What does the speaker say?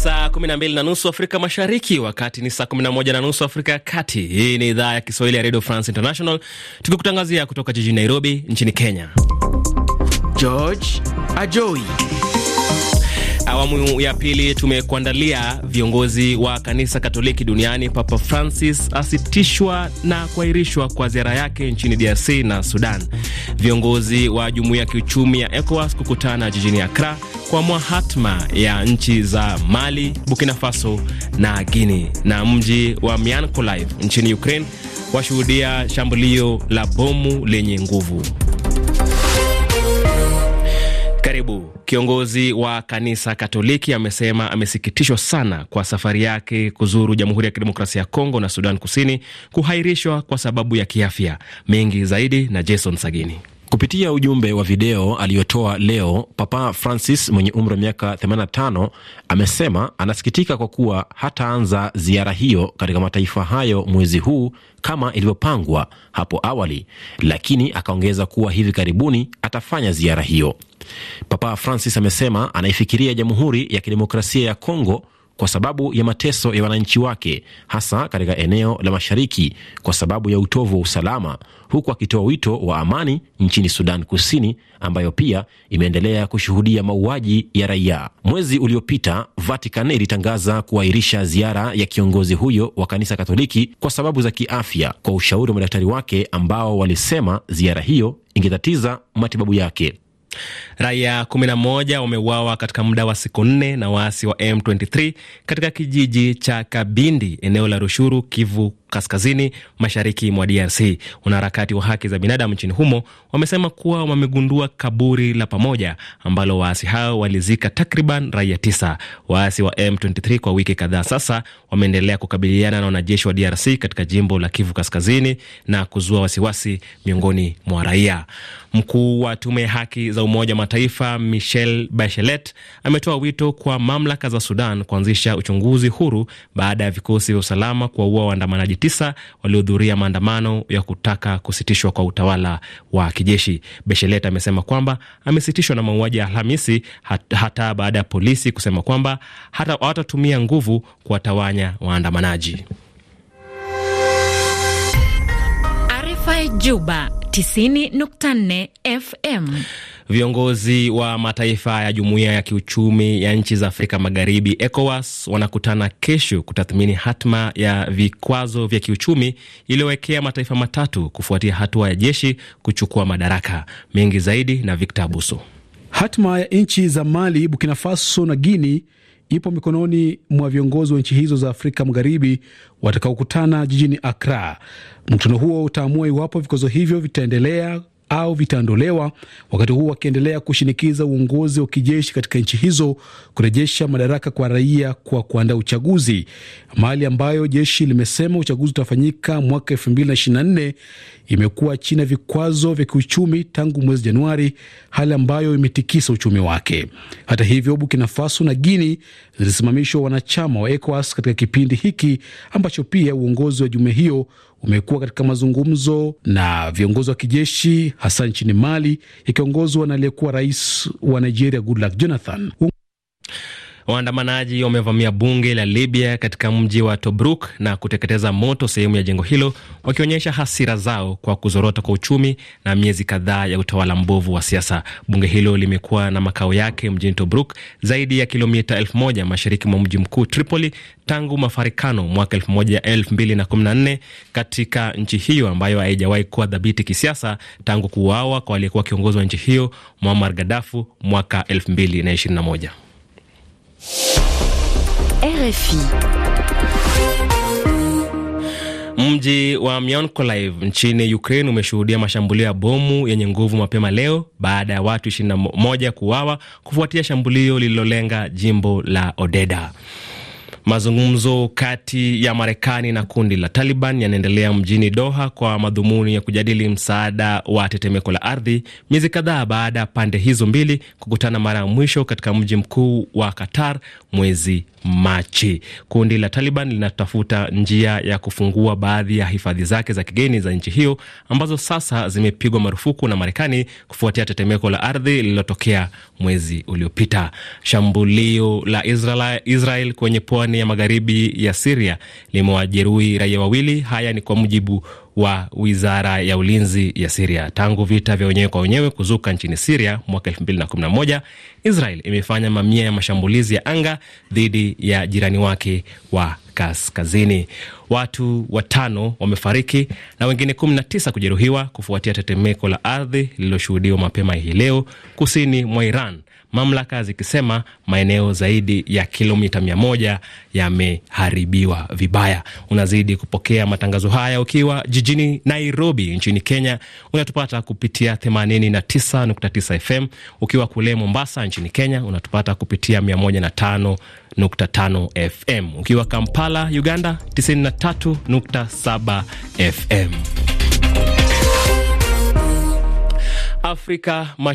saa 12 na nusu Afrika Mashariki, wakati ni saa 11 na nusu Afrika ya Kati. Hii ni idhaa ya Kiswahili ya Radio France International, tukikutangazia kutoka jijini Nairobi nchini Kenya. George Ajoi. Awamu ya pili tumekuandalia: viongozi wa kanisa Katoliki duniani, Papa Francis asitishwa na kuahirishwa kwa ziara yake nchini DRC na Sudan; viongozi wa jumuiya ya kiuchumi ya ECOWAS kukutana jijini Accra kuamua hatma ya nchi za Mali, Burkina Faso na Guinea. Na mji wa Mykolaiv nchini Ukraine washuhudia shambulio la bomu lenye nguvu. Karibu. Kiongozi wa kanisa Katoliki amesema amesikitishwa sana kwa safari yake kuzuru Jamhuri ya Kidemokrasia ya Kongo na Sudan Kusini kuhairishwa kwa sababu ya kiafya. Mengi zaidi na Jason Sagini. Kupitia ujumbe wa video aliyotoa leo, Papa Francis mwenye umri wa miaka 85 amesema anasikitika kwa kuwa hataanza ziara hiyo katika mataifa hayo mwezi huu kama ilivyopangwa hapo awali, lakini akaongeza kuwa hivi karibuni atafanya ziara hiyo. Papa Francis amesema anaifikiria Jamhuri ya Kidemokrasia ya Kongo kwa sababu ya mateso ya wananchi wake, hasa katika eneo la mashariki kwa sababu ya utovu wa usalama, huku akitoa wito wa amani nchini Sudan Kusini ambayo pia imeendelea kushuhudia mauaji ya raia. Mwezi uliopita, Vatican ilitangaza kuahirisha ziara ya kiongozi huyo wa kanisa Katoliki kwa sababu za kiafya, kwa ushauri wa madaktari wake ambao walisema ziara hiyo ingetatiza matibabu yake. Raia 11 wameuawa katika muda wa siku nne na waasi wa M23 katika kijiji cha Kabindi, eneo la Rushuru, Kivu kaskazini mashariki mwa DRC. Wanaharakati wa haki za binadamu nchini humo wamesema kuwa wamegundua kaburi la pamoja ambalo waasi hao walizika takriban raia tisa. Waasi wa M23 kwa wiki kadhaa sasa wameendelea kukabiliana na wanajeshi wa DRC katika jimbo la Kivu kaskazini na kuzua wasiwasi miongoni mwa raia. Mkuu wa tume ya haki za Umoja Mataifa michel Bachelet ametoa wito kwa mamlaka za Sudan kuanzisha uchunguzi huru baada ya vikosi vya usalama kuwaua waandamanaji tisa waliohudhuria maandamano ya kutaka kusitishwa kwa utawala wa kijeshi. Bachelet amesema kwamba amesitishwa na mauaji ya Alhamisi hata, hata baada ya polisi kusema kwamba hawatatumia nguvu kuwatawanya waandamanaji. Juba 90.4 FM Viongozi wa mataifa ya jumuiya ya kiuchumi ya nchi za Afrika Magharibi, ECOWAS, wanakutana kesho kutathmini hatma ya vikwazo vya kiuchumi iliyowekea mataifa matatu kufuatia hatua ya jeshi kuchukua madaraka. Mengi zaidi na Victor Abuso. Hatma ya nchi za Mali, Burkina Faso na Guini ipo mikononi mwa viongozi wa nchi hizo za Afrika Magharibi watakaokutana jijini Akra. Mkutano huo utaamua iwapo vikwazo hivyo vitaendelea au vitaondolewa, wakati huu wakiendelea kushinikiza uongozi wa kijeshi katika nchi hizo kurejesha madaraka kwa raia kwa kuandaa uchaguzi, mali ambayo jeshi limesema uchaguzi utafanyika mwaka 2024 imekuwa chini ya vikwazo vya kiuchumi tangu mwezi Januari, hali ambayo imetikisa uchumi wake. Hata hivyo, Burkina Faso na Guini zilisimamishwa wanachama wa ECOWAS katika kipindi hiki ambacho pia uongozi wa jumuiya hiyo umekuwa katika mazungumzo na viongozi wa kijeshi hasa nchini Mali, ikiongozwa na aliyekuwa rais wa Nigeria Goodluck Jonathan. Waandamanaji wamevamia bunge la Libya katika mji wa Tobruk na kuteketeza moto sehemu ya jengo hilo, wakionyesha hasira zao kwa kuzorota kwa uchumi na miezi kadhaa ya utawala mbovu wa siasa. Bunge hilo limekuwa na makao yake mjini Tobruk, zaidi ya kilomita elfu moja mashariki mwa mji mkuu Tripoli tangu mafarikano mwaka elfu moja elfu mbili na kumi na nne katika nchi hiyo ambayo haijawahi kuwa dhabiti kisiasa tangu kuuawa kwa aliyekuwa kiongozi wa nchi hiyo Muammar Gaddafi mwaka elfu mbili na ishirini na moja. Mji wa Mykolaiv nchini Ukraine umeshuhudia mashambulio ya bomu yenye nguvu mapema leo baada ya watu 21 kuuawa kufuatia shambulio lililolenga jimbo la Odeda. Mazungumzo kati ya Marekani na kundi la Taliban yanaendelea mjini Doha kwa madhumuni ya kujadili msaada wa tetemeko la ardhi, miezi kadhaa baada ya pande hizo mbili kukutana mara ya mwisho katika mji mkuu wa Qatar mwezi Machi. Kundi la Taliban linatafuta njia ya kufungua baadhi ya hifadhi zake za kigeni za nchi hiyo ambazo sasa zimepigwa marufuku na Marekani kufuatia tetemeko la ardhi lililotokea mwezi uliopita. Shambulio la Israel kwenye pwani pwani ya magharibi ya Siria limewajeruhi raia wawili. Haya ni kwa mujibu wa wizara ya ulinzi ya Siria. Tangu vita vya wenyewe kwa wenyewe kuzuka nchini Siria mwaka moja, Israel imefanya mamia ya mashambulizi ya anga dhidi ya jirani wake wa kaskazini. Watu watano wamefariki na wengine 19 kujeruhiwa kufuatia tetemeko la ardhi lililoshuhudiwa mapema hii leo kusini mwa Iran mamlaka zikisema maeneo zaidi ya kilomita mia moja yameharibiwa vibaya. Unazidi kupokea matangazo haya ukiwa jijini Nairobi nchini Kenya, unatupata kupitia 89.9 FM. Ukiwa kule Mombasa nchini Kenya, unatupata kupitia 105.5 FM. Ukiwa Kampala, Uganda, 93.7 FM. Afrika Mashariki.